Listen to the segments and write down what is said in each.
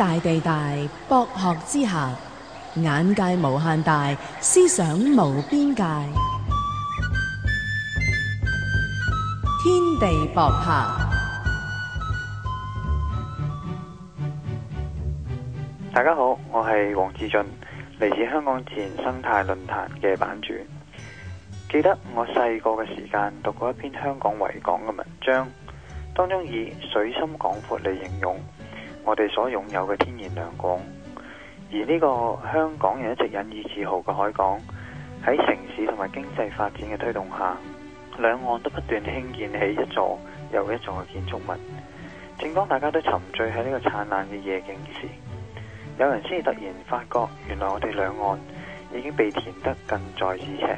大地大，博學之下，眼界無限大，思想無邊界，天地博客。大家好，我係黃志俊，嚟自香港自然生態論壇嘅版主。記得我細個嘅時間讀過一篇香港維港嘅文章，當中以水深廣闊嚟形容。我哋所擁有嘅天然良港，而呢個香港人一直引以自豪嘅海港，喺城市同埋經濟發展嘅推動下，兩岸都不斷興建起一座又一座嘅建築物。正當大家都沉醉喺呢個燦爛嘅夜景時，有人先至突然發覺，原來我哋兩岸已經被填得近在咫尺，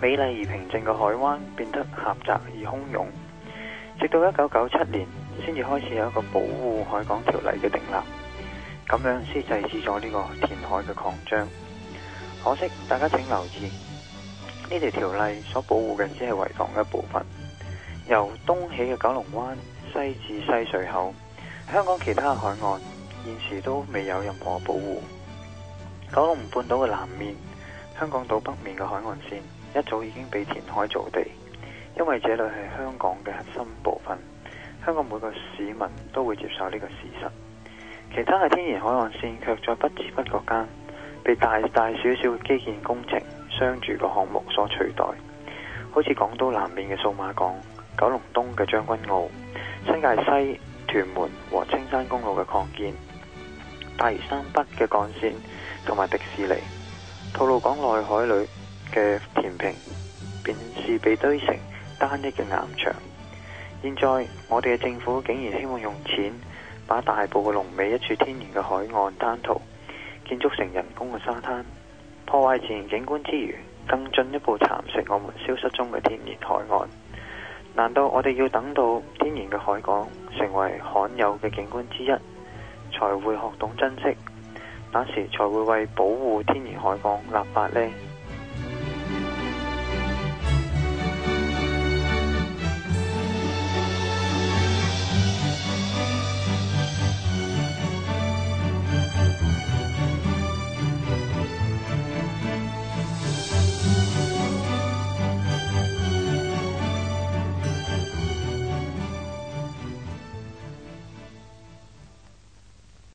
美麗而平靜嘅海灣變得狹窄而洶湧。直到一九九七年。先至開始有一個保護海港條例嘅訂立，咁樣先制止咗呢個填海嘅擴張。可惜大家請留意，呢條條例所保護嘅只係維港嘅一部分，由東起嘅九龍灣，西至西水口，香港其他海岸現時都未有任何保護。九龍半島嘅南面，香港島北面嘅海岸綫，一早已經被填海造地，因為這裏係香港嘅核心部分。香港每個市民都會接受呢個事實，其他嘅天然海岸綫卻在不知不覺間，被大大小小基建工程、商住嘅項目所取代。好似港島南面嘅數碼港、九龍東嘅將軍澳、新界西屯門和青山公路嘅擴建、大嶼山北嘅幹綫，同埋迪士尼、吐露港內海裏嘅填平，便是被堆成單一嘅岩牆。現在我哋嘅政府竟然希望用錢把大埔嘅龍尾一處天然嘅海岸灘塗，建築成人工嘅沙灘，破壞自然景觀之餘，更進一步蠶食我們消失中嘅天然海岸。難道我哋要等到天然嘅海港成為罕有嘅景觀之一，才會學懂珍惜？那時才會為保護天然海港立法呢？